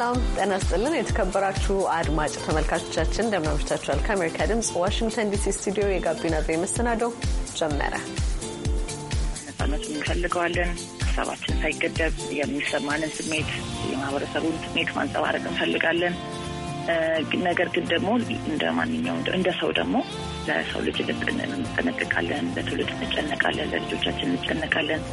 ሰላም ጤና ስጥልን። የተከበራችሁ አድማጭ ተመልካቾቻችን እንደምን አምሽታችኋል? ከአሜሪካ ድምፅ ዋሽንግተን ዲሲ ስቱዲዮ የጋቢና ቤ መሰናዶው ጀመረ። ነጻነቱን እንፈልገዋለን። ሀሳባችን ሳይገደብ የሚሰማንን ስሜት፣ የማህበረሰቡን ስሜት ማንጸባረቅ እንፈልጋለን። ነገር ግን ደግሞ እንደ ማንኛውም እንደ ሰው ደግሞ ለሰው ልጅ ልብ እንጠነቅቃለን፣ ለትውልድ እንጨነቃለን፣ ለልጆቻችን እንጨነቃለን።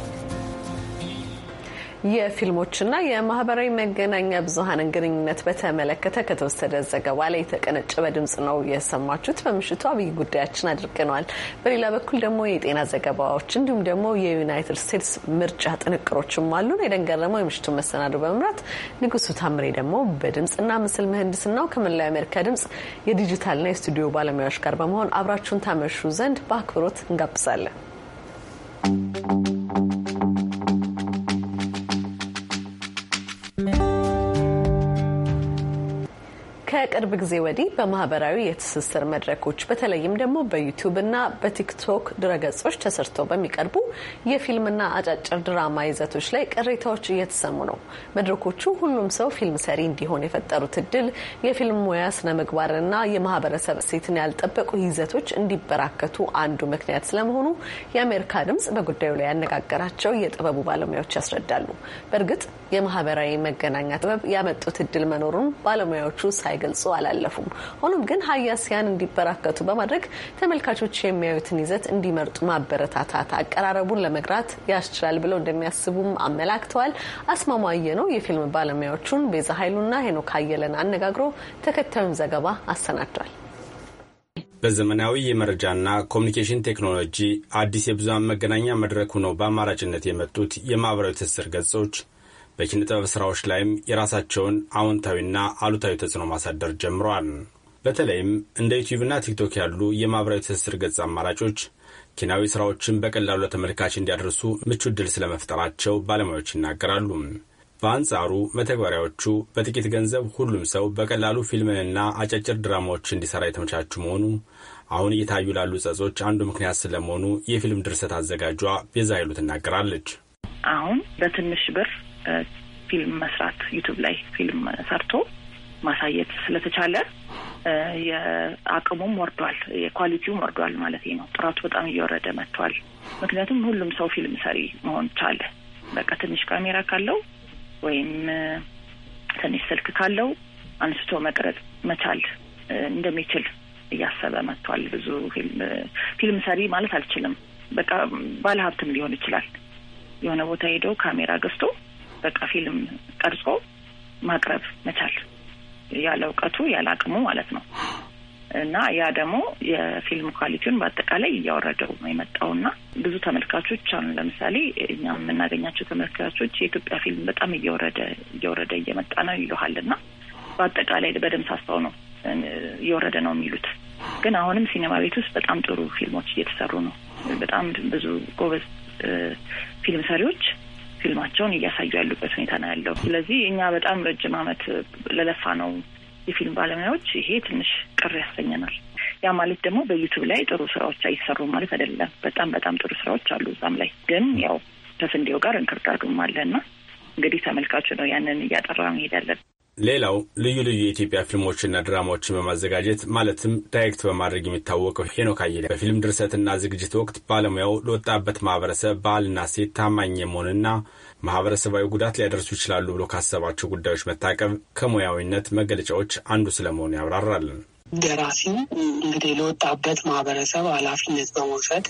የፊልሞችና የማህበራዊ መገናኛ ብዙሀንን ግንኙነት በተመለከተ ከተወሰደ ዘገባ ላይ የተቀነጨበ ድምጽ ነው የሰማችሁት። በምሽቱ አብይ ጉዳያችን አድርገነዋል። በሌላ በኩል ደግሞ የጤና ዘገባዎች እንዲሁም ደግሞ የዩናይትድ ስቴትስ ምርጫ ጥንቅሮችም አሉን። ደግሞ የምሽቱ መሰናዶ በመምራት ንጉሱ ታምሬ ደግሞ በድምፅና ምስል ምህንድስናው ከመላው የአሜሪካ ድምጽ የዲጂታልና የስቱዲዮ ባለሙያዎች ጋር በመሆን አብራችሁን ታመሹ ዘንድ በአክብሮት እንጋብዛለን። ከቅርብ ጊዜ ወዲህ በማህበራዊ የትስስር መድረኮች በተለይም ደግሞ እና በቲክቶክ ድረገጾች ተሰርተው በሚቀርቡ የፊልምና አጫጭር ድራማ ይዘቶች ላይ ቅሬታዎች እየተሰሙ ነው። መድረኮቹ ሁሉም ሰው ፊልም ሰሪ እንዲሆን የፈጠሩት እድል የፊልም ሙያ ስነ ምግባርና የማህበረሰብ እሴትን ያልጠበቁ ይዘቶች እንዲበራከቱ አንዱ ምክንያት ስለመሆኑ የአሜሪካ ድምጽ በጉዳዩ ላይ ያነጋገራቸው የጥበቡ ባለሙያዎች ያስረዳሉ። በእርግጥ የማህበራዊ መገናኛ ጥበብ ያመጡት እድል መኖሩን ባለሙያዎቹ ሳይገልጹ ተቀርጸው አላለፉም። ሆኖም ግን ሀያሲያን እንዲበራከቱ በማድረግ ተመልካቾች የሚያዩትን ይዘት እንዲመርጡ ማበረታታት አቀራረቡን ለመግራት ያስችላል ብለው እንደሚያስቡም አመላክተዋል። አስማማየ ነው የፊልም ባለሙያዎቹን ቤዛ ኃይሉና ሄኖክ አየለን አነጋግሮ ተከታዩን ዘገባ አሰናድቷል። በዘመናዊ የመረጃና ኮሚኒኬሽን ቴክኖሎጂ አዲስ የብዙሃን መገናኛ መድረክ ሆነው በአማራጭነት የመጡት የማህበራዊ ትስስር ገጾች በኪነ ጥበብ ስራዎች ላይም የራሳቸውን አዎንታዊና አሉታዊ ተጽዕኖ ማሳደር ጀምረዋል። በተለይም እንደ ዩቲዩብና ቲክቶክ ያሉ የማኅበራዊ ትስስር ገጽ አማራጮች ኪናዊ ስራዎችን በቀላሉ ለተመልካች እንዲያደርሱ ምቹ ዕድል ስለመፍጠራቸው ባለሙያዎች ይናገራሉ። በአንጻሩ መተግበሪያዎቹ በጥቂት ገንዘብ ሁሉም ሰው በቀላሉ ፊልምንና አጫጭር ድራማዎች እንዲሰራ የተመቻቹ መሆኑ አሁን እየታዩ ላሉ ጸጾች አንዱ ምክንያት ስለመሆኑ የፊልም ድርሰት አዘጋጇ ቤዛ ይሉ ትናገራለች። አሁን በትንሽ ብር ፊልም መስራት ዩቱብ ላይ ፊልም ሰርቶ ማሳየት ስለተቻለ የአቅሙም ወርዷል፣ የኳሊቲውም ወርዷል ማለት ነው። ጥራቱ በጣም እየወረደ መጥቷል። ምክንያቱም ሁሉም ሰው ፊልም ሰሪ መሆን ቻለ። በቃ ትንሽ ካሜራ ካለው ወይም ትንሽ ስልክ ካለው አንስቶ መቅረጽ መቻል እንደሚችል እያሰበ መጥቷል። ብዙ ፊልም ሰሪ ማለት አልችልም፣ በቃ ባለሀብትም ሊሆን ይችላል። የሆነ ቦታ ሄዶ ካሜራ ገዝቶ በቃ ፊልም ቀርጾ ማቅረብ መቻል ያለ እውቀቱ ያለ አቅሙ ማለት ነው። እና ያ ደግሞ የፊልም ኳሊቲውን በአጠቃላይ እያወረደው ነው የመጣው እና ብዙ ተመልካቾች አሁን ለምሳሌ እኛም የምናገኛቸው ተመልካቾች የኢትዮጵያ ፊልም በጣም እየወረደ እየወረደ እየመጣ ነው ይለሃል እና በአጠቃላይ በደም ሳስተው ነው እየወረደ ነው የሚሉት። ግን አሁንም ሲኔማ ቤት ውስጥ በጣም ጥሩ ፊልሞች እየተሰሩ ነው። በጣም ብዙ ጎበዝ ፊልም ሰሪዎች ፊልማቸውን እያሳዩ ያሉበት ሁኔታ ነው ያለው። ስለዚህ እኛ በጣም ረጅም ዓመት ለለፋ ነው የፊልም ባለሙያዎች ይሄ ትንሽ ቅር ያሰኘናል። ያ ማለት ደግሞ በዩቱብ ላይ ጥሩ ስራዎች አይሰሩም ማለት አይደለም። በጣም በጣም ጥሩ ስራዎች አሉ እዛም ላይ ግን ያው ከስንዴው ጋር እንክርዳዱም አለና እንግዲህ ተመልካቹ ነው ያንን እያጠራ መሄድ ሌላው ልዩ ልዩ የኢትዮጵያ ፊልሞችና ድራማዎችን በማዘጋጀት ማለትም ዳይሬክት በማድረግ የሚታወቀው ሄኖክ አየለ በፊልም ድርሰትና ዝግጅት ወቅት ባለሙያው ለወጣበት ማህበረሰብ ባህልና ሴት ታማኝ የመሆንና ማህበረሰባዊ ጉዳት ሊያደርሱ ይችላሉ ብሎ ካሰባቸው ጉዳዮች መታቀብ ከሙያዊነት መገለጫዎች አንዱ ስለመሆኑ ያብራራልን። ደራሲ እንግዲህ ለወጣበት ማህበረሰብ ኃላፊነት በመውሰድ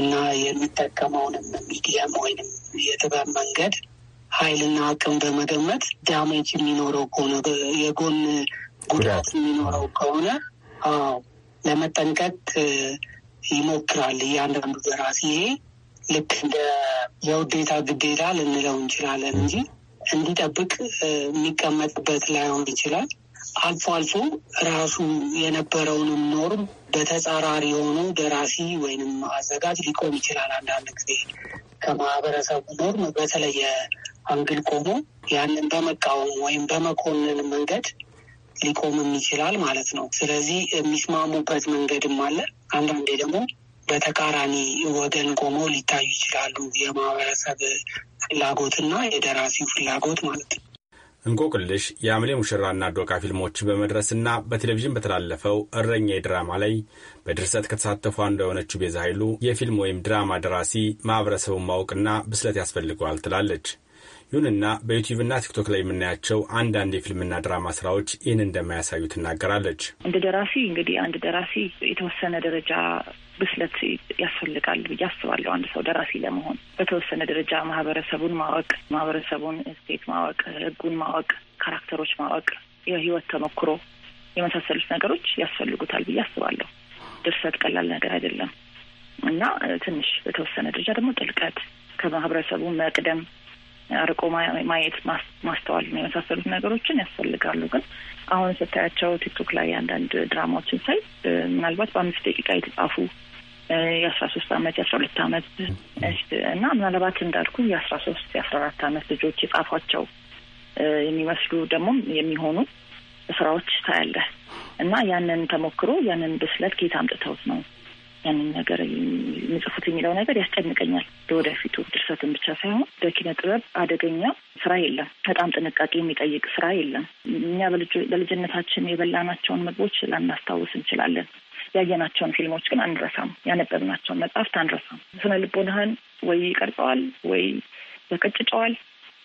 እና የሚጠቀመውንም ሚዲየም ወይንም የጥበብ መንገድ ኃይልና አቅም በመገመት ዳሜጅ የሚኖረው ከሆነ የጎን ጉዳት የሚኖረው ከሆነ ለመጠንቀቅ ይሞክራል እያንዳንዱ ደራሲ። ይሄ ልክ እንደ የውዴታ ግዴታ ልንለው እንችላለን እንጂ እንዲጠብቅ የሚቀመጥበት ላይሆን ይችላል። አልፎ አልፎ ራሱ የነበረውንም ኖርም በተጻራሪ የሆኑ ደራሲ ወይንም አዘጋጅ ሊቆም ይችላል። አንዳንድ ጊዜ ከማህበረሰቡ ኖርም በተለየ አንግል ቆሞ ያንን በመቃወም ወይም በመኮንን መንገድ ሊቆምም ይችላል ማለት ነው። ስለዚህ የሚስማሙበት መንገድም አለ። አንዳንዴ ደግሞ በተቃራኒ ወገን ቆመው ሊታዩ ይችላሉ። የማህበረሰብ ፍላጎትና የደራሲው ፍላጎት ማለት ነው። እንቆቅልሽ፣ የአምሌ ሙሽራና ዶቃ ፊልሞች በመድረስና በቴሌቪዥን በተላለፈው እረኛ ድራማ ላይ በድርሰት ከተሳተፉ አንዱ የሆነችው ቤዛ ኃይሉ የፊልም ወይም ድራማ ደራሲ ማኅበረሰቡን ማወቅና ብስለት ያስፈልገዋል ትላለች። ይሁንና በዩቲዩብና ቲክቶክ ላይ የምናያቸው አንዳንድ የፊልምና ድራማ ስራዎች ይህን እንደማያሳዩ ትናገራለች። እንደ ደራሲ እንግዲህ አንድ ደራሲ የተወሰነ ደረጃ ብስለት ያስፈልጋል ብዬ አስባለሁ። አንድ ሰው ደራሲ ለመሆን በተወሰነ ደረጃ ማህበረሰቡን ማወቅ፣ ማህበረሰቡን ስቴት ማወቅ፣ ህጉን ማወቅ፣ ካራክተሮች ማወቅ፣ የህይወት ተሞክሮ የመሳሰሉት ነገሮች ያስፈልጉታል ብዬ አስባለሁ። ድርሰት ቀላል ነገር አይደለም እና ትንሽ በተወሰነ ደረጃ ደግሞ ጥልቀት ከማህበረሰቡ መቅደም አርቆ ማየት ማስተዋል ነው የመሳሰሉት ነገሮችን ያስፈልጋሉ። ግን አሁን ስታያቸው ቲክቶክ ላይ አንዳንድ ድራማዎችን ሳይ ምናልባት በአምስት ደቂቃ የተጻፉ የአስራ ሶስት አመት የአስራ ሁለት አመት እና ምናልባት እንዳልኩ የአስራ ሶስት የአስራ አራት አመት ልጆች የጻፏቸው የሚመስሉ ደግሞ የሚሆኑ ስራዎች ታያለህ እና ያንን ተሞክሮ ያንን ብስለት ከየት አምጥተውት ነው ያንን ነገር የሚጽፉት የሚለው ነገር ያስጨንቀኛል። ለወደፊቱ ድርሰትን ብቻ ሳይሆን በኪነ ጥበብ አደገኛ ስራ የለም። በጣም ጥንቃቄ የሚጠይቅ ስራ የለም። እኛ በልጅነታችን የበላናቸውን ምግቦች ላናስታውስ እንችላለን። ያየናቸውን ፊልሞች ግን አንረሳም፣ ያነበብናቸውን መጽሐፍት አንረሳም። ስነ ልቦናህን ወይ ይቀርጸዋል ወይ ያቀጭጨዋል።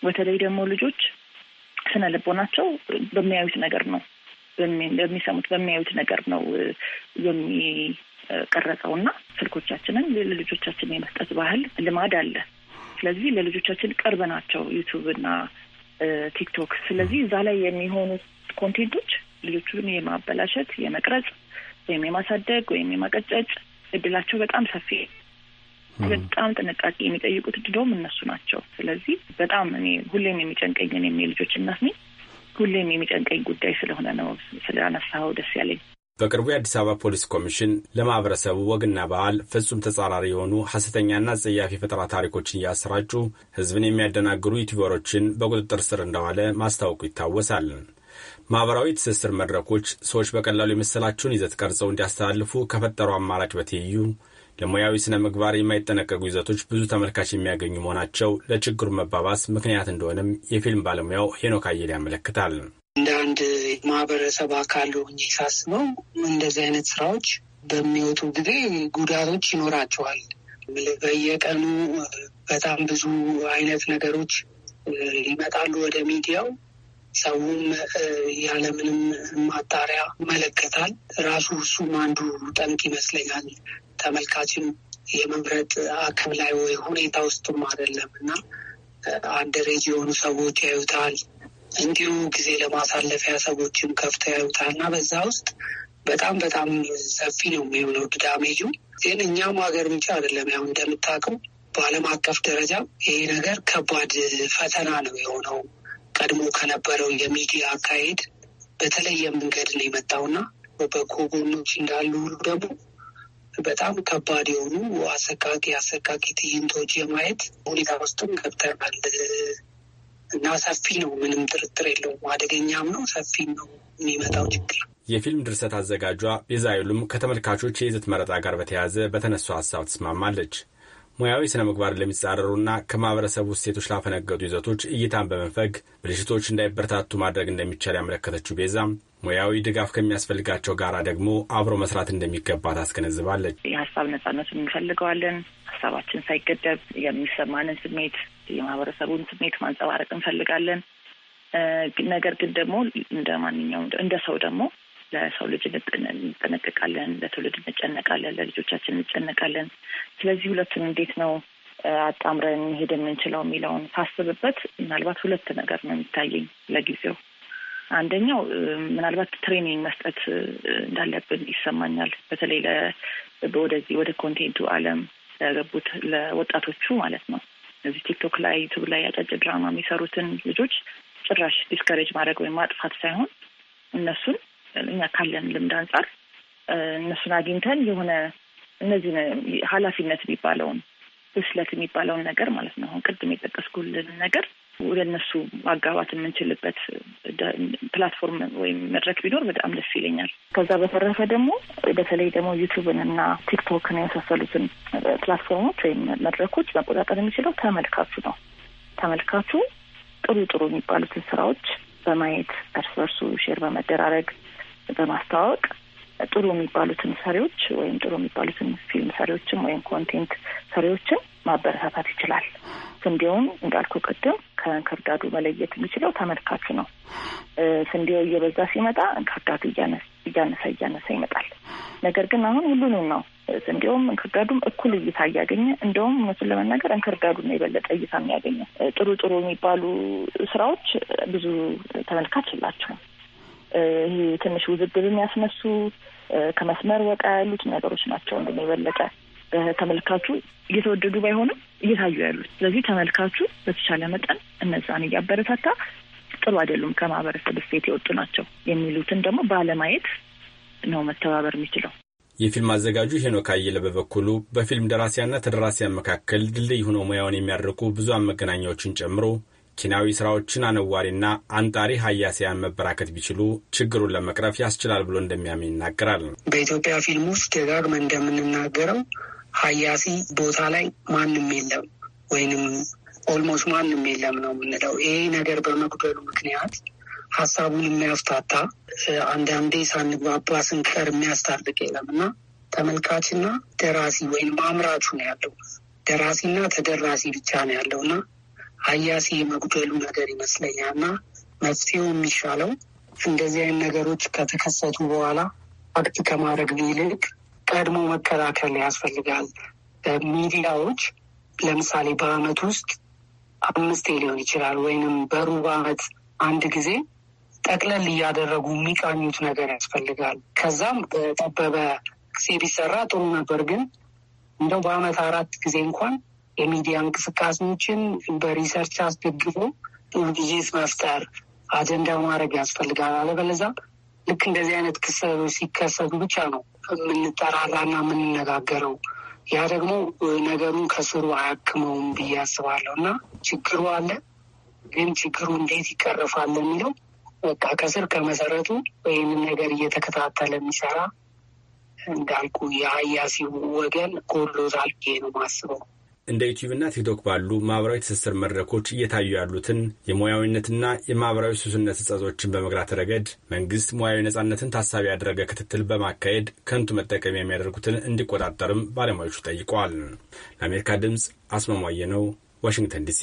በተለይ ደግሞ ልጆች ስነ ልቦናቸው በሚያዩት ነገር ነው በሚሰሙት በሚያዩት ነገር ነው የሚቀረጸው እና ስልኮቻችንን ለልጆቻችን የመስጠት ባህል ልማድ አለ። ስለዚህ ለልጆቻችን ቅርብ ናቸው ዩቱብ እና ቲክቶክ። ስለዚህ እዛ ላይ የሚሆኑ ኮንቴንቶች ልጆቹን የማበላሸት የመቅረጽ ወይም የማሳደግ ወይም የማቀጨጭ እድላቸው በጣም ሰፊ በጣም ጥንቃቄ የሚጠይቁት ድዶም እነሱ ናቸው። ስለዚህ በጣም እኔ ሁሌም የሚጨንቀኝ እኔም የልጆች እናት ነኝ። ሁሌም የሚጨንቀኝ ጉዳይ ስለሆነ ነው ስለአነሳኸው ደስ ያለኝ። በቅርቡ የአዲስ አበባ ፖሊስ ኮሚሽን ለማህበረሰቡ ወግና ባህል ፍጹም ተጻራሪ የሆኑ ሐሰተኛና ጸያፊ ፈጠራ ታሪኮችን እያሰራጩ ሕዝብን የሚያደናግሩ ዩቲዩበሮችን በቁጥጥር ስር እንደዋለ ማስታወቁ ይታወሳል። ማህበራዊ ትስስር መድረኮች ሰዎች በቀላሉ የመሰላቸውን ይዘት ቀርጸው እንዲያስተላልፉ ከፈጠሩ አማራጭ በትይዩ ለሙያዊ ስነ ምግባር የማይጠነቀቁ ይዘቶች ብዙ ተመልካች የሚያገኙ መሆናቸው ለችግሩ መባባስ ምክንያት እንደሆነም የፊልም ባለሙያው ሄኖክ አየለ ያመለክታል። እንደ አንድ ማህበረሰብ አካል ሆኜ ሳስበው እንደዚህ አይነት ስራዎች በሚወጡ ጊዜ ጉዳቶች ይኖራቸዋል። በየቀኑ በጣም ብዙ አይነት ነገሮች ይመጣሉ ወደ ሚዲያው። ሰውም ያለምንም ማጣሪያ ይመለከታል። ራሱ እሱም አንዱ ጠንቅ ይመስለኛል። ተመልካችም የመምረጥ አክም ላይ ወይ ሁኔታ ውስጥም አይደለም እና አንድ ሬጅ የሆኑ ሰዎች ያዩታል። እንዲሁ ጊዜ ለማሳለፊያ ሰዎችም ከፍተው ያዩታል እና በዛ ውስጥ በጣም በጣም ሰፊ ነው የሚሆነው ድዳሜጁ። ግን እኛም ሀገር ብቻ አይደለም ያው እንደምታውቀው በዓለም አቀፍ ደረጃ ይሄ ነገር ከባድ ፈተና ነው የሆነው ቀድሞ ከነበረው የሚዲያ አካሄድ በተለየ መንገድ ነው የመጣውና በጎ ጎኖች እንዳሉ ሁሉ ደግሞ በጣም ከባድ የሆኑ አሰቃቂ አሰቃቂ ትዕይንቶች የማየት ሁኔታ ውስጥም ገብተናል እና ሰፊ ነው፣ ምንም ጥርጥር የለውም። አደገኛም ነው፣ ሰፊ ነው የሚመጣው ችግር። የፊልም ድርሰት አዘጋጇ ቤዛይሉም ከተመልካቾች የይዘት መረጣ ጋር በተያያዘ በተነሱ ሀሳብ ትስማማለች። ሙያዊ ስነ ምግባር ለሚጻረሩና ከማህበረሰቡ እሴቶች ላፈነገጡ ይዘቶች እይታን በመንፈግ ብልሽቶች እንዳይበረታቱ ማድረግ እንደሚቻል ያመለከተችው ቤዛ ሙያዊ ድጋፍ ከሚያስፈልጋቸው ጋር ደግሞ አብሮ መስራት እንደሚገባ ታስገነዝባለች። የሀሳብ ነጻነቱን እንፈልገዋለን። ሀሳባችን ሳይገደብ የሚሰማንን ስሜት፣ የማህበረሰቡን ስሜት ማንጸባረቅ እንፈልጋለን። ነገር ግን ደግሞ እንደ ማንኛውም እንደ ሰው ደግሞ ለሰው ልጅ እንጠነቀቃለን፣ ለትውልድ እንጨነቃለን፣ ለልጆቻችን እንጨነቃለን። ስለዚህ ሁለቱን እንዴት ነው አጣምረን መሄድ የምንችለው የሚለውን ሳስብበት ምናልባት ሁለት ነገር ነው የሚታየኝ ለጊዜው። አንደኛው ምናልባት ትሬኒንግ መስጠት እንዳለብን ይሰማኛል። በተለይ ወደዚህ ወደ ኮንቴንቱ ዓለም ለገቡት ለወጣቶቹ ማለት ነው። እዚህ ቲክቶክ ላይ ዩቱብ ላይ አጫጭር ድራማ የሚሰሩትን ልጆች ጭራሽ ዲስከሬጅ ማድረግ ወይም ማጥፋት ሳይሆን እነሱን እኛ ካለን ልምድ አንጻር እነሱን አግኝተን የሆነ እነዚህ ኃላፊነት የሚባለውን ብስለት የሚባለውን ነገር ማለት ነው አሁን ቅድም የጠቀስኩልን ነገር ወደ እነሱ ማጋባት የምንችልበት ፕላትፎርም ወይም መድረክ ቢኖር በጣም ደስ ይለኛል። ከዛ በተረፈ ደግሞ በተለይ ደግሞ ዩቱብን እና ቲክቶክን የመሳሰሉትን ፕላትፎርሞች ወይም መድረኮች መቆጣጠር የሚችለው ተመልካቹ ነው። ተመልካቹ ጥሩ ጥሩ የሚባሉትን ስራዎች በማየት እርስ በርሱ ሼር በመደራረግ በማስተዋወቅ ጥሩ የሚባሉትን ሰሪዎች ወይም ጥሩ የሚባሉትን ፊልም ሰሪዎችን ወይም ኮንቴንት ሰሪዎችን ማበረታታት ይችላል። ስንዴውን እንዳልኩ ቅድም ከእንክርዳዱ መለየት የሚችለው ተመልካቹ ነው። ስንዴው እየበዛ ሲመጣ እንክርዳዱ እያነሳ እያነሳ ይመጣል። ነገር ግን አሁን ሁሉንም ነው ስንዴውም እንክርዳዱም እኩል እይታ እያገኘ እንደውም እውነቱን ለመናገር እንክርዳዱ ነው የበለጠ እይታ የሚያገኘ። ጥሩ ጥሩ የሚባሉ ስራዎች ብዙ ተመልካች የላቸውም። ይሄ ትንሽ ውዝግብ የሚያስነሱ ከመስመር ወቃ ያሉት ነገሮች ናቸው። እንደ የበለጠ ተመልካቹ እየተወደዱ ባይሆንም እየታዩ ያሉት። ስለዚህ ተመልካቹ በተቻለ መጠን እነዛን እያበረታታ ጥሩ አይደሉም፣ ከማህበረሰብ እሴት የወጡ ናቸው የሚሉትን ደግሞ ባለማየት ነው መተባበር የሚችለው። የፊልም አዘጋጁ ሄኖክ አየለ በበኩሉ በፊልም ደራሲያና ተደራሲያን መካከል ድልድይ ሆኖ ሙያውን የሚያደርጉ ብዙ መገናኛዎችን ጨምሮ ኪናዊ ስራዎችን አነዋሪና አንጣሪ ሀያሲያን መበራከት ቢችሉ ችግሩን ለመቅረፍ ያስችላል ብሎ እንደሚያምን ይናገራል። በኢትዮጵያ ፊልም ውስጥ ደጋግመን እንደምንናገረው ሀያሲ ቦታ ላይ ማንም የለም ወይንም ኦልሞስት ማንም የለም ነው የምንለው። ይሄ ነገር በመጉደሉ ምክንያት ሀሳቡን የሚያፍታታ አንዳንዴ ሳንግባባ ስንቀር የሚያስታርቅ የለም እና ተመልካችና ደራሲ ወይም አምራቹ ነው ያለው። ደራሲና ተደራሲ ብቻ ነው ያለው እና አያሴ የመጉደሉ ነገር ይመስለኛል እና መፍትሄው የሚሻለው እንደዚህ አይነት ነገሮች ከተከሰቱ በኋላ አክት ከማድረግ ይልቅ ቀድሞ መከላከል ያስፈልጋል። ሚዲያዎች ለምሳሌ በአመት ውስጥ አምስቴ ሊሆን ይችላል ወይንም በሩብ አመት አንድ ጊዜ ጠቅለል እያደረጉ የሚቃኙት ነገር ያስፈልጋል። ከዛም በጠበበ ጊዜ ቢሰራ ጥሩ ነበር፣ ግን እንደው በአመት አራት ጊዜ እንኳን የሚዲያ እንቅስቃሴዎችን በሪሰርች አስደግፎ ኢንጌጅ መፍጠር አጀንዳ ማድረግ ያስፈልጋል። አለበለዛ ልክ እንደዚህ አይነት ክስተቶች ሲከሰቱ ብቻ ነው የምንጠራራና የምንነጋገረው። ያ ደግሞ ነገሩን ከስሩ አያክመውም ብዬ አስባለሁ እና ችግሩ አለ፣ ግን ችግሩ እንዴት ይቀረፋል የሚለው በቃ ከስር ከመሰረቱ ይህንን ነገር እየተከታተለ የሚሰራ እንዳልኩ የአያሲው ወገን ጎሎታል ብዬ ነው ማስበው። እንደ ዩቲዩብና ቲክቶክ ባሉ ማህበራዊ ትስስር መድረኮች እየታዩ ያሉትን የሙያዊነትና የማህበራዊ ሱስነት እጸዞችን በመግራት ረገድ መንግስት ሙያዊ ነጻነትን ታሳቢ ያደረገ ክትትል በማካሄድ ከንቱ መጠቀሚያ የሚያደርጉትን እንዲቆጣጠርም ባለሙያዎቹ ጠይቀዋል። ለአሜሪካ ድምፅ አስማማየ ነው፣ ዋሽንግተን ዲሲ።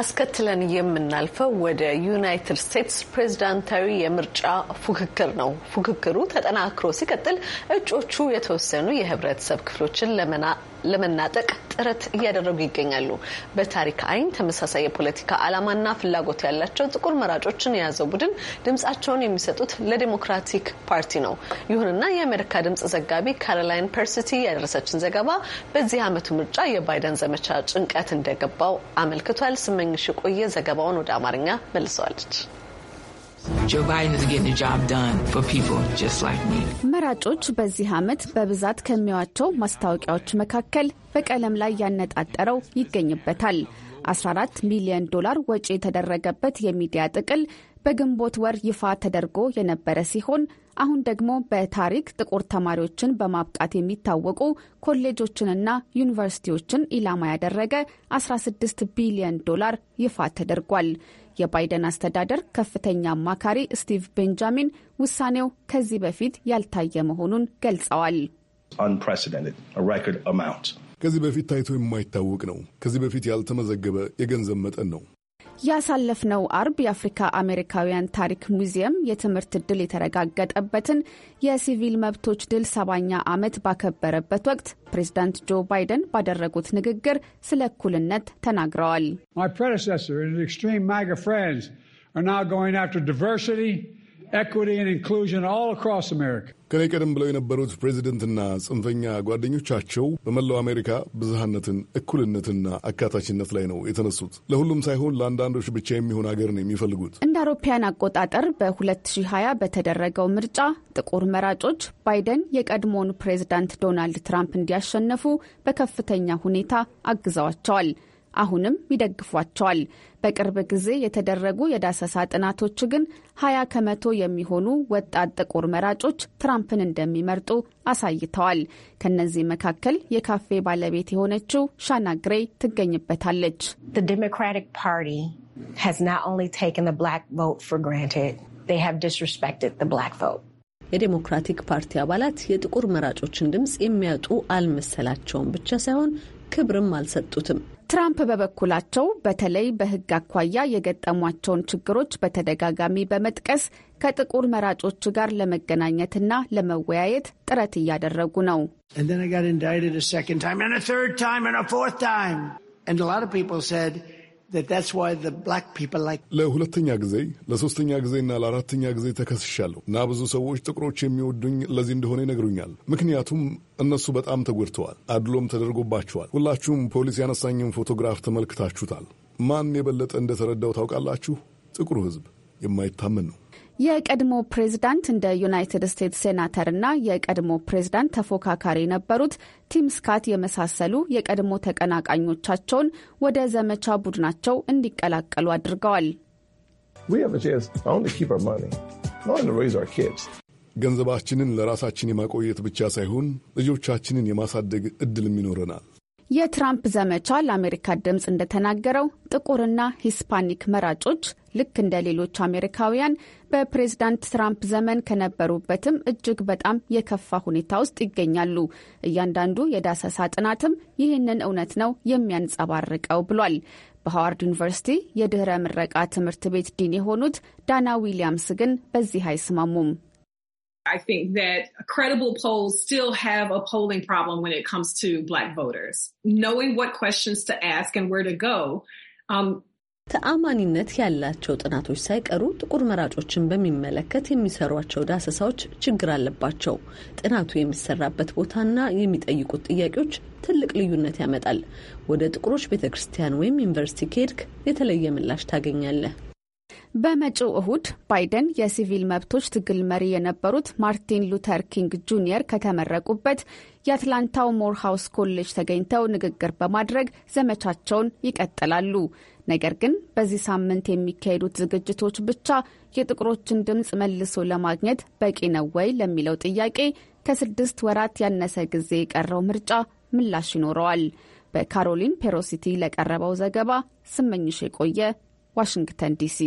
አስከትለን የምናልፈው ወደ ዩናይትድ ስቴትስ ፕሬዚዳንታዊ የምርጫ ፉክክር ነው። ፉክክሩ ተጠናክሮ ሲቀጥል እጮቹ የተወሰኑ የህብረተሰብ ክፍሎችን ለመና ለመናጠቅ ጥረት እያደረጉ ይገኛሉ። በታሪክ አይን ተመሳሳይ የፖለቲካ ዓላማና ፍላጎት ያላቸው ጥቁር መራጮችን የያዘው ቡድን ድምጻቸውን የሚሰጡት ለዲሞክራቲክ ፓርቲ ነው። ይሁንና የአሜሪካ ድምጽ ዘጋቢ ካሮላይን ፐርሲቲ ያደረሰችን ዘገባ በዚህ ዓመቱ ምርጫ የባይደን ዘመቻ ጭንቀት እንደገባው አመልክቷል። ስመኝሽ የቆየ ዘገባውን ወደ አማርኛ መልሰዋለች። መራጮች በዚህ ዓመት በብዛት ከሚዋቸው ማስታወቂያዎች መካከል በቀለም ላይ ያነጣጠረው ይገኝበታል። 14 ሚሊዮን ዶላር ወጪ የተደረገበት የሚዲያ ጥቅል በግንቦት ወር ይፋ ተደርጎ የነበረ ሲሆን አሁን ደግሞ በታሪክ ጥቁር ተማሪዎችን በማብቃት የሚታወቁ ኮሌጆችንና ዩኒቨርሲቲዎችን ኢላማ ያደረገ 16 ቢሊዮን ዶላር ይፋ ተደርጓል። የባይደን አስተዳደር ከፍተኛ አማካሪ ስቲቭ ቤንጃሚን ውሳኔው ከዚህ በፊት ያልታየ መሆኑን ገልጸዋል። ከዚህ በፊት ታይቶ የማይታወቅ ነው። ከዚህ በፊት ያልተመዘገበ የገንዘብ መጠን ነው። ያሳለፍነው አርብ የአፍሪካ አሜሪካውያን ታሪክ ሙዚየም የትምህርት ድል የተረጋገጠበትን የሲቪል መብቶች ድል ሰባኛ ዓመት ባከበረበት ወቅት ፕሬዝዳንት ጆ ባይደን ባደረጉት ንግግር ስለ እኩልነት ተናግረዋል። ከኔ ቀደም ብለው የነበሩት ፕሬዚደንትና ጽንፈኛ ጓደኞቻቸው በመላው አሜሪካ ብዝሃነትን፣ እኩልነትና አካታችነት ላይ ነው የተነሱት። ለሁሉም ሳይሆን ለአንዳንዶች ብቻ የሚሆን አገር ነው የሚፈልጉት። እንደ አውሮፓያን አቆጣጠር በ2020 በተደረገው ምርጫ ጥቁር መራጮች ባይደን የቀድሞውን ፕሬዚዳንት ዶናልድ ትራምፕ እንዲያሸነፉ በከፍተኛ ሁኔታ አግዘዋቸዋል። አሁንም ይደግፏቸዋል። በቅርብ ጊዜ የተደረጉ የዳሰሳ ጥናቶች ግን ሀያ ከመቶ የሚሆኑ ወጣት ጥቁር መራጮች ትራምፕን እንደሚመርጡ አሳይተዋል። ከነዚህ መካከል የካፌ ባለቤት የሆነችው ሻና ግሬይ ትገኝበታለች። የዴሞክራቲክ ፓርቲ አባላት የጥቁር መራጮችን ድምፅ የሚያጡ አልመሰላቸውም ብቻ ሳይሆን ክብርም አልሰጡትም። ትራምፕ በበኩላቸው በተለይ በሕግ አኳያ የገጠሟቸውን ችግሮች በተደጋጋሚ በመጥቀስ ከጥቁር መራጮች ጋር ለመገናኘትና ለመወያየት ጥረት እያደረጉ ነው። And then I got indicted a second time and a third time and a fourth time. And a lot of people said, ለሁለተኛ ጊዜ ለሶስተኛ ጊዜና ለአራተኛ ጊዜ ተከስሻለሁ እና ብዙ ሰዎች ጥቁሮች የሚወዱኝ ለዚህ እንደሆነ ይነግሩኛል። ምክንያቱም እነሱ በጣም ተጎድተዋል፣ አድሎም ተደርጎባቸዋል። ሁላችሁም ፖሊስ ያነሳኝን ፎቶግራፍ ተመልክታችሁታል። ማን የበለጠ እንደተረዳው ታውቃላችሁ? ጥቁሩ ሕዝብ የማይታመን ነው። የቀድሞ ፕሬዝዳንት እንደ ዩናይትድ ስቴትስ ሴናተርና የቀድሞ ፕሬዝዳንት ተፎካካሪ የነበሩት ቲም ስካት የመሳሰሉ የቀድሞ ተቀናቃኞቻቸውን ወደ ዘመቻ ቡድናቸው እንዲቀላቀሉ አድርገዋል። ገንዘባችንን ለራሳችን የማቆየት ብቻ ሳይሆን ልጆቻችንን የማሳደግ እድልም ይኖረናል። የትራምፕ ዘመቻ ለአሜሪካ ድምፅ እንደተናገረው ጥቁርና ሂስፓኒክ መራጮች ልክ እንደ ሌሎች አሜሪካውያን በፕሬዝዳንት ትራምፕ ዘመን ከነበሩበትም እጅግ በጣም የከፋ ሁኔታ ውስጥ ይገኛሉ። እያንዳንዱ የዳሰሳ ጥናትም ይህንን እውነት ነው የሚያንጸባርቀው ብሏል። በሃዋርድ ዩኒቨርሲቲ የድኅረ ምረቃ ትምህርት ቤት ዲን የሆኑት ዳና ዊሊያምስ ግን በዚህ አይስማሙም። I think that credible polls still have a polling problem when it comes to Black voters. Knowing what questions to ask and where to go. Um, ተአማኒነት ያላቸው ጥናቶች ሳይቀሩ ጥቁር መራጮችን በሚመለከት የሚሰሯቸው ዳሰሳዎች ችግር አለባቸው። ጥናቱ የሚሰራበት ቦታና የሚጠይቁት ጥያቄዎች ትልቅ ልዩነት ያመጣል። ወደ ጥቁሮች ቤተ ክርስቲያን ወይም ዩኒቨርሲቲ ከሄድክ የተለየ ምላሽ ታገኛለህ። በመጪው እሁድ ባይደን የሲቪል መብቶች ትግል መሪ የነበሩት ማርቲን ሉተር ኪንግ ጁኒየር ከተመረቁበት የአትላንታው ሞርሃውስ ኮሌጅ ተገኝተው ንግግር በማድረግ ዘመቻቸውን ይቀጥላሉ። ነገር ግን በዚህ ሳምንት የሚካሄዱት ዝግጅቶች ብቻ የጥቁሮችን ድምፅ መልሶ ለማግኘት በቂ ነው ወይ ለሚለው ጥያቄ ከስድስት ወራት ያነሰ ጊዜ የቀረው ምርጫ ምላሽ ይኖረዋል። በካሮሊን ፔሮሲቲ ለቀረበው ዘገባ ስመኝሽ የቆየ ዋሽንግተን ዲሲ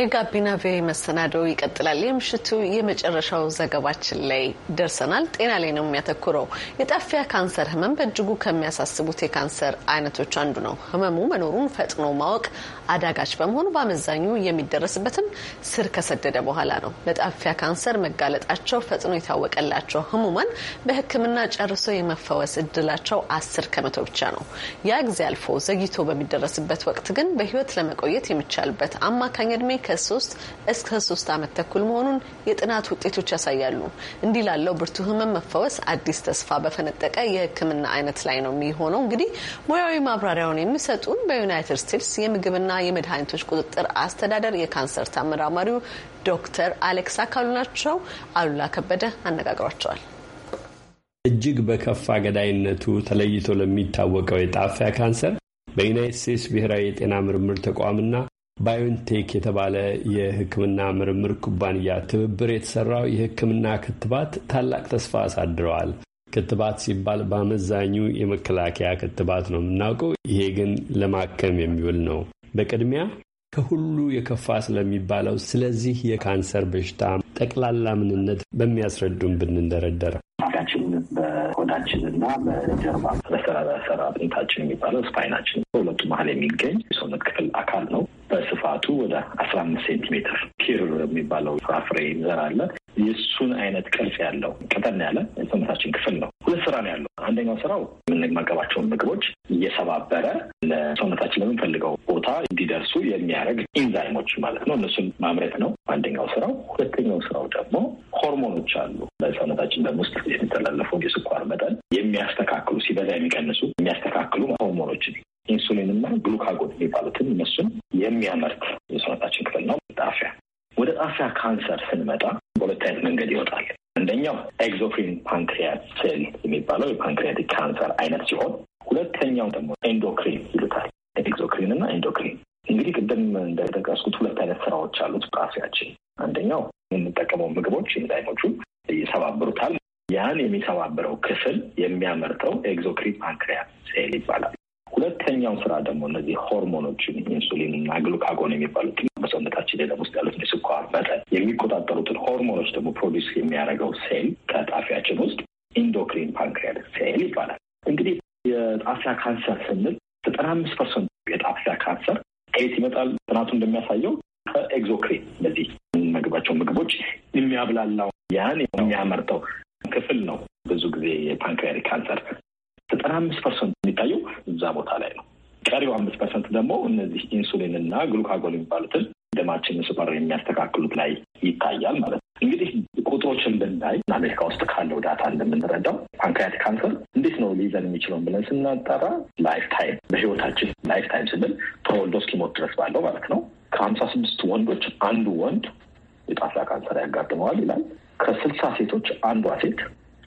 የጋቢና ቪ መሰናዶው ይቀጥላል። የምሽቱ የመጨረሻው ዘገባችን ላይ ደርሰናል። ጤና ላይ ነው የሚያተኩረው። የጣፊያ ካንሰር ህመም በእጅጉ ከሚያሳስቡት የካንሰር አይነቶች አንዱ ነው። ህመሙ መኖሩን ፈጥኖ ማወቅ አዳጋች በመሆኑ በአመዛኙ የሚደረስበትም ስር ከሰደደ በኋላ ነው። ለጣፊያ ካንሰር መጋለጣቸው ፈጥኖ የታወቀላቸው ህሙማን በሕክምና ጨርሶ የመፈወስ እድላቸው አስር ከመቶ ብቻ ነው። ያ ጊዜ አልፎ ዘግይቶ በሚደረስበት ወቅት ግን በህይወት ለመቆየት የሚቻልበት አማካኝ እድሜ ከሶስት እስከ ሶስት አመት ተኩል መሆኑን የጥናት ውጤቶች ያሳያሉ። እንዲህ ላለው ብርቱ ህመም መፈወስ አዲስ ተስፋ በፈነጠቀ የህክምና አይነት ላይ ነው የሚሆነው። እንግዲህ ሙያዊ ማብራሪያውን የሚሰጡን በዩናይትድ ስቴትስ የምግብና የምርምርና የመድኃኒቶች ቁጥጥር አስተዳደር የካንሰር ተመራማሪው ዶክተር አሌክስ አካሉ ናቸው። አሉላ ከበደ አነጋግሯቸዋል። እጅግ በከፋ ገዳይነቱ ተለይቶ ለሚታወቀው የጣፊያ ካንሰር በዩናይት ስቴትስ ብሔራዊ የጤና ምርምር ተቋምና ባዮንቴክ የተባለ የሕክምና ምርምር ኩባንያ ትብብር የተሰራው የሕክምና ክትባት ታላቅ ተስፋ አሳድረዋል። ክትባት ሲባል በአመዛኙ የመከላከያ ክትባት ነው የምናውቀው። ይሄ ግን ለማከም የሚውል ነው። በቅድሚያ ከሁሉ የከፋ ስለሚባለው ስለዚህ የካንሰር በሽታ ጠቅላላ ምንነት በሚያስረዱን ብንንደረደረ ሁላችን በሆዳችን እና በጀርባ መሰራራታችን የሚባለው ስፓይናችን በሁለቱ መሀል የሚገኝ የሰውነት ክፍል አካል ነው። በስፋቱ ወደ አስራ አምስት ሴንቲሜትር ኪር የሚባለው ፍራፍሬ ዘር አለ። የእሱን አይነት ቅርጽ ያለው ቀጠን ያለ የሰውነታችን ክፍል ነው። ሁለት ስራ ነው ያለው። አንደኛው ስራው የምንመገባቸውን ምግቦች እየሰባበረ ለሰውነታችን ለምንፈልገው ቦታ እንዲደርሱ የሚያደርግ ኢንዛይሞች ማለት ነው። እነሱን ማምረት ነው አንደኛው ስራው። ሁለተኛው ስራው ደግሞ ሆርሞኖች አሉ በሰውነታችን ደም ውስጥ የሚተላለፈው የስኳር መጠን የሚያስተካክሉ፣ ሲበዛ የሚቀንሱ የሚያስተካክሉ ሆርሞኖችን ኢንሱሊን እና ግሉካጎን የሚባሉትን እነሱን የሚያመርት የሰውነታችን ክፍል ነው ጣፊያ። ወደ ጣፊያ ካንሰር ስንመጣ በሁለት አይነት መንገድ ይወጣል። አንደኛው ኤግዞክሪን ፓንክሪያት የሚባለው የፓንክሪያቲክ ካንሰር አይነት ሲሆን ሁለተኛው ደግሞ ኤንዶክሪን ይሉታል። ኤግዞክሪን እና ኤንዶክሪን እንግዲህ ቅድም እንደጠቀስኩት ሁለት አይነት ስራዎች አሉት ጣፊያችን። አንደኛው የምንጠቀመው ምግቦች ኢንዛይሞቹ ይሰባብሩታል። ያን የሚሰባብረው ክፍል የሚያመርተው ኤግዞክሪን ፓንክሪያት ሴል ይባላል። ሁለተኛው ስራ ደግሞ እነዚህ ሆርሞኖችን ኢንሱሊን እና ግሉካጎን የሚባሉት በሰውነታችን ደም ውስጥ ያሉት መጠን የሚቆጣጠሩትን ሆርሞኖች ደግሞ ፕሮዲስ የሚያደርገው ሴል ከጣፊያችን ውስጥ ኢንዶክሪን ፓንክሪያቲክ ሴል ይባላል። እንግዲህ የጣፊያ ካንሰር ስንል ዘጠና አምስት ፐርሰንት የጣፊያ ካንሰር ከየት ይመጣል? ጥናቱ እንደሚያሳየው ከኤግዞክሪን እነዚህ የምንመግባቸው ምግቦች የሚያብላላው ያን የሚያመርተው ክፍል ነው። ብዙ ጊዜ የፓንክሪያሪ ካንሰር ዘጠና አምስት ፐርሰንት የሚታየው እዛ ቦታ ላይ ነው። ቀሪው አምስት ፐርሰንት ደግሞ እነዚህ ኢንሱሊን እና ግሉካጎል የሚባሉትን የሚያስተካክሉት ላይ ይታያል ማለት ነው። እንግዲህ ቁጥሮችን ብናይ አሜሪካ ውስጥ ካለው ዳታ እንደምንረዳው ፓንክሪያት ካንሰር እንዴት ነው ሊይዘን የሚችለውን ብለን ስናጠራ ላይፍ ታይም በህይወታችን ላይፍ ታይም ስንል ተወልዶ እስኪሞት ድረስ ባለው ማለት ነው ከሀምሳ ስድስት ወንዶች አንዱ ወንድ የጣሳ ካንሰር ያጋጥመዋል ይላል። ከስልሳ ሴቶች አንዷ ሴት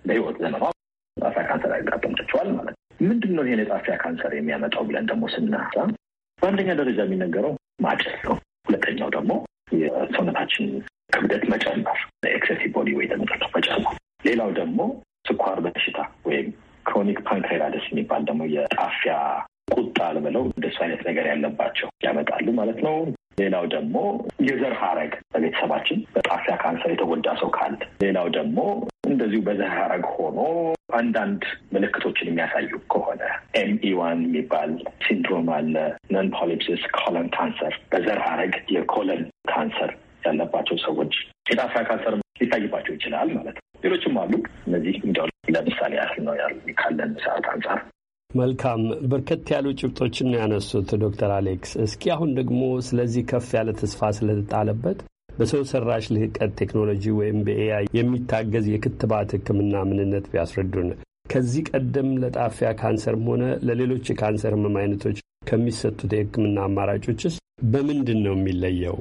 በህይወት ዘመኗ ጣሳ ካንሰር ያጋጥማቸዋል ማለት ነው። ምንድን ነው ይህን የጣፊያ ካንሰር የሚያመጣው ብለን ደግሞ ስናሳ በአንደኛ ደረጃ የሚነገረው ማጨስ ነው። ሁለተኛው ደግሞ የሰውነታችን ክብደት መጨመር ኤክሴሲቭ ቦዲ ዌይት የምንለው መጨመር። ሌላው ደግሞ ስኳር በሽታ ወይም ክሮኒክ ፓንክሬታይተስ የሚባል ደግሞ የጣፊያ ቁጣ ልበለው እንደሱ አይነት ነገር ያለባቸው ያመጣሉ ማለት ነው። ሌላው ደግሞ የዘር ሀረግ በቤተሰባችን በጣፊያ ካንሰር የተጎዳ ሰው ካለ፣ ሌላው ደግሞ እንደዚሁ በዘር ሀረግ ሆኖ አንዳንድ ምልክቶችን የሚያሳዩ ከሆነ ኤምኢዋን e የሚባል ሲንድሮም አለ። ነን ፖሊፕሲስ ኮለን ካንሰር በዘር ሀረግ የኮለን ካንሰር ያለባቸው ሰዎች የጣፊያ ካንሰር ሊታይባቸው ይችላል ማለት ነው። ሌሎችም አሉ። እነዚህ እንዲያው ለምሳሌ ያህል ነው ያሉ ካለን ሰዓት አንጻር መልካም በርከት ያሉ ጭብጦችን ነው ያነሱት ዶክተር አሌክስ። እስኪ አሁን ደግሞ ስለዚህ ከፍ ያለ ተስፋ ስለተጣለበት በሰው ሰራሽ ልህቀት ቴክኖሎጂ ወይም በኤአይ የሚታገዝ የክትባት ሕክምና ምንነት ቢያስረዱን። ከዚህ ቀደም ለጣፊያ ካንሰርም ሆነ ለሌሎች የካንሰር ህመም አይነቶች ከሚሰጡት የሕክምና አማራጮችስ በምንድን ነው የሚለየው?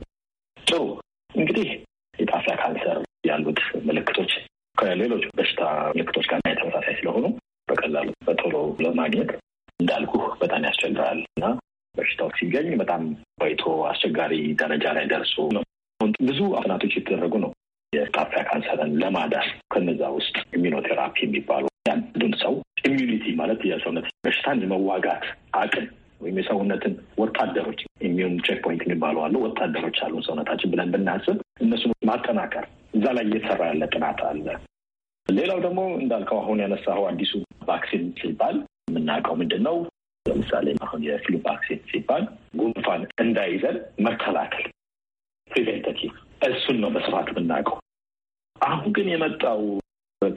ጥሩ እንግዲህ የጣፊያ ካንሰር ያሉት ምልክቶች ከሌሎች በሽታ ምልክቶች ጋር ተመሳሳይ ስለሆኑ በቀላሉ በቶሎ ለማግኘት እንዳልኩ በጣም ያስቸግራል እና በሽታው ሲገኝ በጣም ቆይቶ አስቸጋሪ ደረጃ ላይ ደርሶ ነው። ብዙ አጥናቶች የተደረጉ ነው የጣፊያ ካንሰርን ለማዳን ከነዛ ውስጥ ኢሚኖቴራፒ የሚባሉ ያንዱን ሰው ኢሚኒቲ ማለት የሰውነት በሽታን የመዋጋት አቅም ወይም የሰውነትን ወታደሮች ኢሚዩን ፖይንት የሚባሉ አሉ። ወታደሮች አሉ ሰውነታችን ብለን ብናስብ እነሱን ማጠናከር እዛ ላይ እየተሰራ ያለ ጥናት አለ። ሌላው ደግሞ እንዳልከው አሁን ያነሳኸው አዲሱ ቫክሲን ሲባል የምናውቀው ምንድን ነው? ለምሳሌ አሁን የፍሉ ቫክሲን ሲባል ጉንፋን እንዳይዘን መከላከል ፕሪቨንቲቭ፣ እሱን ነው በስፋት የምናውቀው። አሁን ግን የመጣው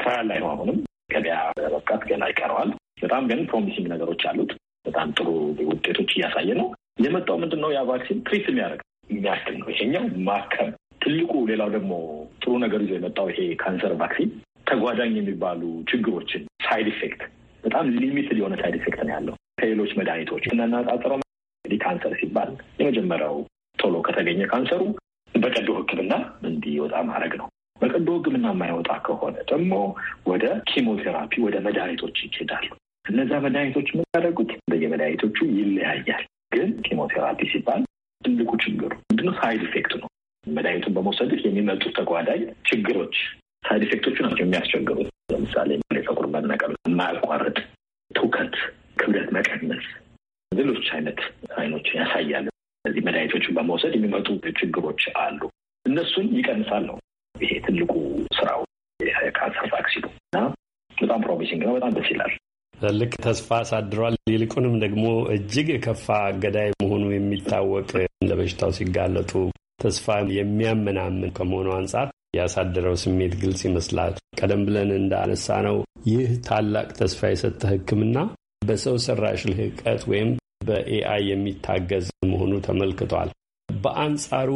ትራያል ላይ ነው። አሁንም ገበያ መብቃት ገና ይቀረዋል። በጣም ግን ፕሮሚሲንግ ነገሮች አሉት። በጣም ጥሩ ውጤቶች እያሳየ ነው። የመጣው ምንድን ነው? ያ ቫክሲን ትሪት የሚያደርግ የሚያክል ነው ይሄኛው ማከም። ትልቁ ሌላው ደግሞ ጥሩ ነገር ይዞ የመጣው ይሄ ካንሰር ቫክሲን ተጓዳኝ የሚባሉ ችግሮችን ሳይድ ኢፌክት በጣም ሊሚትድ የሆነ ሳይድ ኢፌክት ነው ያለው ከሌሎች መድኃኒቶች እናነጻጽረው። እንግዲህ ካንሰር ሲባል የመጀመሪያው ቶሎ ከተገኘ ካንሰሩ በቀዶ ሕክምና እንዲወጣ ማድረግ ነው። በቀዶ ሕክምና የማይወጣ ከሆነ ደግሞ ወደ ኪሞቴራፒ ወደ መድኃኒቶች ይሄዳሉ። እነዛ መድኃኒቶች የምታደርጉት በየመድኃኒቶቹ ይለያያል። ግን ኬሞቴራፒ ሲባል ትልቁ ችግሩ ምንድነው? ሳይድ ኢፌክት ነው። መድኃኒቱን በመውሰድህ የሚመጡ ተጓዳኝ ችግሮች ሳይድ ኢፌክቶቹ ናቸው የሚያስቸግሩት። ለምሳሌ የፀጉር መነቀል የማያቋርጥ ትውከት፣ ክብደት መቀነስ፣ ሌሎች አይነት አይኖች ያሳያል። እነዚህ መድኃኒቶችን በመውሰድ የሚመጡ ችግሮች አሉ። እነሱን ይቀንሳል ነው ይሄ ትልቁ ስራው። ካንሰር ቫክሲኑ እና በጣም ፕሮሚሲንግ ነው። በጣም ደስ ይላል። ትልቅ ተስፋ አሳድሯል። ይልቁንም ደግሞ እጅግ የከፋ ገዳይ መሆኑ የሚታወቅ ለበሽታው ሲጋለጡ ተስፋ የሚያመናምን ከመሆኑ አንጻር ያሳደረው ስሜት ግልጽ ይመስላል። ቀደም ብለን እንዳነሳ ነው ይህ ታላቅ ተስፋ የሰጠ ሕክምና በሰው ሰራሽ ልህቀት ወይም በኤአይ የሚታገዝ መሆኑ ተመልክቷል። በአንጻሩ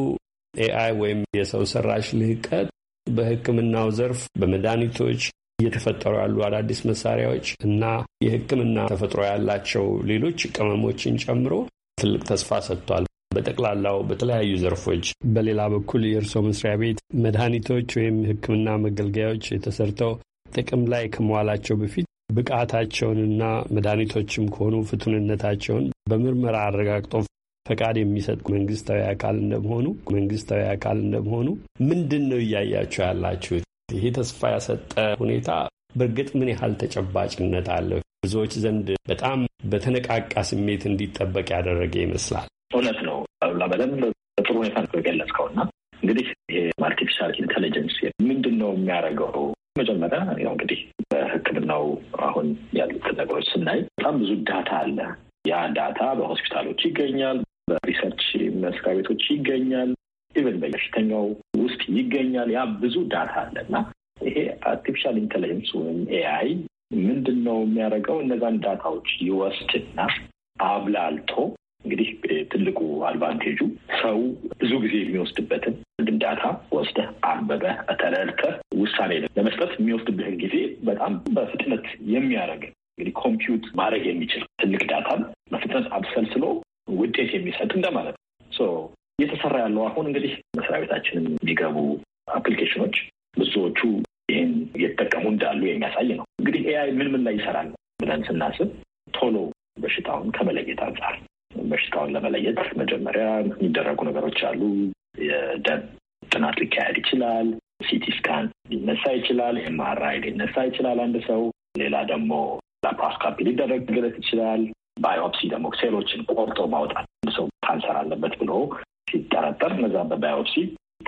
ኤአይ ወይም የሰው ሰራሽ ልህቀት በሕክምናው ዘርፍ በመድኃኒቶች እየተፈጠሩ ያሉ አዳዲስ መሳሪያዎች እና የሕክምና ተፈጥሮ ያላቸው ሌሎች ቅመሞችን ጨምሮ ትልቅ ተስፋ ሰጥቷል። በጠቅላላው በተለያዩ ዘርፎች። በሌላ በኩል የእርስዎ መስሪያ ቤት መድኃኒቶች ወይም ሕክምና መገልገያዎች የተሰርተው ጥቅም ላይ ከመዋላቸው በፊት ብቃታቸውንና መድኃኒቶችም ከሆኑ ፍቱንነታቸውን በምርመራ አረጋግጦ ፈቃድ የሚሰጥ መንግስታዊ አካል እንደመሆኑ መንግስታዊ አካል እንደመሆኑ ምንድን ነው እያያችሁ ያላችሁት? ይሄ ተስፋ ያሰጠ ሁኔታ በእርግጥ ምን ያህል ተጨባጭነት አለው? ብዙዎች ዘንድ በጣም በተነቃቃ ስሜት እንዲጠበቅ ያደረገ ይመስላል። እውነት ነው አሉላ። በደንብ በጥሩ ሁኔታ ነው የገለጽከው። እና እንግዲህ ይሄ አርቲፊሻል ኢንቴሊጀንስ ምንድን ነው የሚያደርገው? መጀመሪያ ያው እንግዲህ በሕክምናው አሁን ያሉት ነገሮች ስናይ በጣም ብዙ ዳታ አለ። ያ ዳታ በሆስፒታሎች ይገኛል፣ በሪሰርች መስሪያ ቤቶች ይገኛል፣ ኢቨን በሽተኛው ውስጥ ይገኛል። ያ ብዙ ዳታ አለና ይሄ አርቲፊሻል ኢንቴሊጀንስ ወይም ኤአይ ምንድን ነው የሚያደርገው? እነዛን ዳታዎች ይወስድና አብላልቶ እንግዲህ ትልቁ አድቫንቴጁ ሰው ብዙ ጊዜ የሚወስድበትን አንድን ዳታ ወስደህ አንበበህ ተረድተህ ውሳኔ ለመስጠት የሚወስድብህን ጊዜ በጣም በፍጥነት የሚያደርግ እንግዲህ ኮምፒውት ማድረግ የሚችል ትልቅ ዳታን በፍጥነት አብሰልስሎ ውጤት የሚሰጥ እንደማለት ነው። እየሰራ ያለው አሁን እንግዲህ መስሪያ ቤታችንም የሚገቡ አፕሊኬሽኖች ብዙዎቹ ይህን እየተጠቀሙ እንዳሉ የሚያሳይ ነው። እንግዲህ ኤአይ ምን ምን ላይ ይሰራል ብለን ስናስብ ቶሎ በሽታውን ከመለየት አንጻር በሽታውን ለመለየት መጀመሪያ የሚደረጉ ነገሮች አሉ። የደም ጥናት ሊካሄድ ይችላል። ሲቲ ስካን ሊነሳ ይችላል። ኤምአርአይ ሊነሳ ይችላል አንድ ሰው። ሌላ ደግሞ ላፕሮስካፒ ሊደረግ ግለት ይችላል። ባዮፕሲ ደግሞ ሴሎችን ቆርጦ ማውጣት። አንድ ሰው ካንሰር አለበት ብሎ ሲጠረጠር እነዛ በባዮፕሲ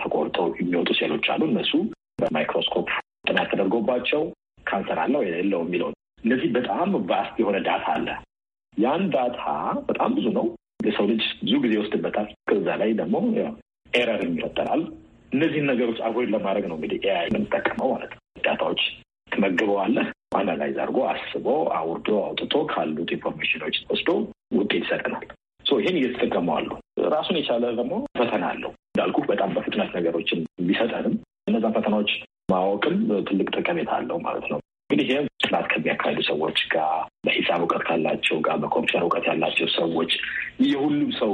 ተቆርጠው የሚወጡ ሴሎች አሉ። እነሱ በማይክሮስኮፕ ጥናት ተደርጎባቸው ካንሰር አለው የሌለው የሚለው እነዚህ በጣም ቫስት የሆነ ዳታ አለ። ያን ዳታ በጣም ብዙ ነው። የሰው ልጅ ብዙ ጊዜ ይወስድበታል። ከዛ ላይ ደግሞ ኤረር ይፈጠራል። እነዚህን ነገሮች አቮይድ ለማድረግ ነው እንግዲህ ኤአይ የምንጠቀመው ማለት ነው። ዳታዎች ትመግበዋለህ። አናላይዝ አድርጎ አስቦ አውርዶ አውጥቶ ካሉት ኢንፎርሜሽኖች ወስዶ ውጤት ይሰጠናል። ይህን እየተጠቀመዋሉ ራሱን የቻለ ደግሞ ፈተና አለው። እንዳልኩ በጣም በፍጥነት ነገሮችን ቢሰጠንም እነዛን ፈተናዎች ማወቅም ትልቅ ጠቀሜታ አለው ማለት ነው። እንግዲህ ይህ ጥናት ከሚያካሂዱ ሰዎች ጋር፣ በሂሳብ እውቀት ካላቸው ጋር፣ በኮምፒውተር እውቀት ያላቸው ሰዎች የሁሉም ሰው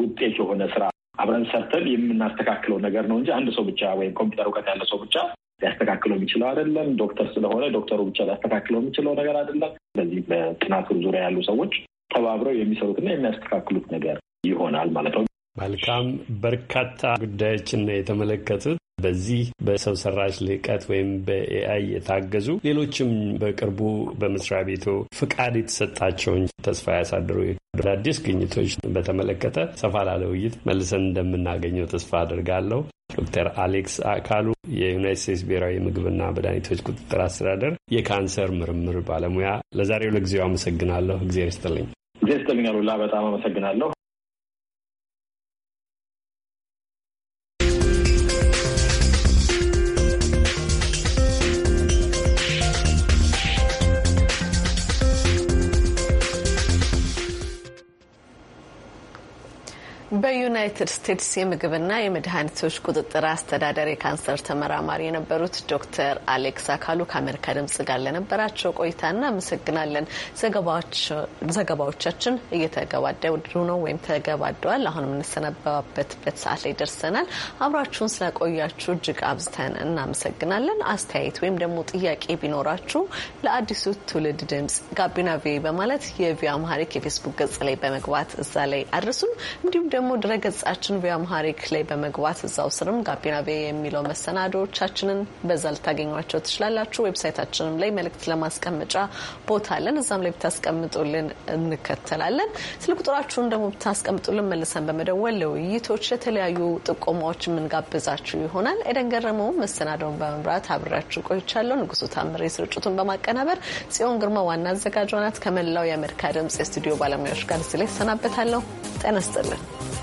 ውጤት የሆነ ስራ አብረን ሰርተን የምናስተካክለው ነገር ነው እንጂ አንድ ሰው ብቻ ወይም ኮምፒውተር እውቀት ያለ ሰው ብቻ ሊያስተካክለው የሚችለው አይደለም። ዶክተር ስለሆነ ዶክተሩ ብቻ ሊያስተካክለው የሚችለው ነገር አይደለም። ስለዚህ በጥናቱ ዙሪያ ያሉ ሰዎች ተባብረው የሚሰሩትና የሚያስተካክሉት ነገር ይሆናል ማለት ነው። መልካም በርካታ ጉዳዮችን ነው የተመለከቱት። በዚህ በሰው ሰራሽ ልህቀት ወይም በኤአይ የታገዙ ሌሎችም በቅርቡ በመስሪያ ቤቱ ፍቃድ የተሰጣቸውን ተስፋ ያሳድሩ አዳዲስ ግኝቶች በተመለከተ ሰፋ ላለ ውይይት መልሰን እንደምናገኘው ተስፋ አድርጋለሁ። ዶክተር አሌክስ አካሉ የዩናይት ስቴትስ ብሔራዊ ምግብና መድኃኒቶች ቁጥጥር አስተዳደር የካንሰር ምርምር ባለሙያ፣ ለዛሬው ለጊዜው አመሰግናለሁ። እግዜር ይስጥልኝ። እግዜር ይስጥልኝ አሉላ። በጣም አመሰግናለሁ። በዩናይትድ ስቴትስ የምግብና የመድኃኒቶች ቁጥጥር አስተዳደር የካንሰር ተመራማሪ የነበሩት ዶክተር አሌክስ አካሉ ከአሜሪካ ድምጽ ጋር ለነበራቸው ቆይታ እናመሰግናለን። ዘገባዎቻችን እየተገባደዱ ነው ወይም ተገባደዋል። አሁን የምንሰነባበትበት ሰዓት ላይ ደርሰናል። አብራችሁን ስለቆያችሁ እጅግ አብዝተን እናመሰግናለን። አስተያየት ወይም ደግሞ ጥያቄ ቢኖራችሁ ለአዲሱ ትውልድ ድምጽ ጋቢና ቪ በማለት የቪ አምሃሪክ የፌስቡክ ገጽ ላይ በመግባት እዛ ላይ አድርሱን እንዲሁም ደግሞ ድረገጻችን ቪያምሃሪክ ላይ በመግባት እዛው ስርም ጋቢና ቤ የሚለው መሰናዶዎቻችንን በዛ ልታገኟቸው ትችላላችሁ። ዌብሳይታችንም ላይ መልእክት ለማስቀመጫ ቦታ አለን። እዛም ላይ ብታስቀምጡልን እንከተላለን። ስልክ ቁጥራችሁን ደግሞ ብታስቀምጡልን መልሰን በመደወል ለውይይቶች፣ ለተለያዩ ጥቆማዎች የምንጋብዛችሁ ይሆናል። ኤደን ገረመው መሰናዶውን በመምራት አብሬያችሁ ቆይቻለሁ። ንጉሱ ታምሬ ስርጭቱን በማቀናበር ጽዮን ግርማ ዋና አዘጋጇ ናት። ከመላው የአሜሪካ ድምጽ የስቱዲዮ ባለሙያዎች ጋር ስለ ይሰናበታለሁ። ጤና ይስጥልን።